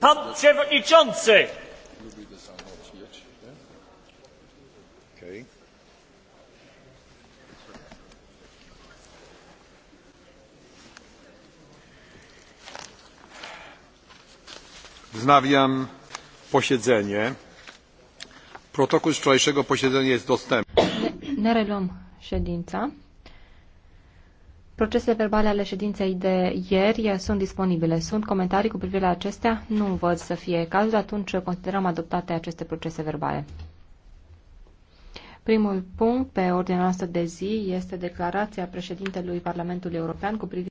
Pan przewodniczący! Wznawiam posiedzenie. Protokół z wczorajszego posiedzenia jest dostępny. Ne reluăm ședința. Procesele verbale ale ședinței de ieri sunt disponibile. Sunt comentarii cu privire la acestea? Nu văd să fie cazul, atunci considerăm adoptate aceste procese verbale. Primul punct pe ordinea noastră de zi este declarația președintelui Parlamentului European cu privire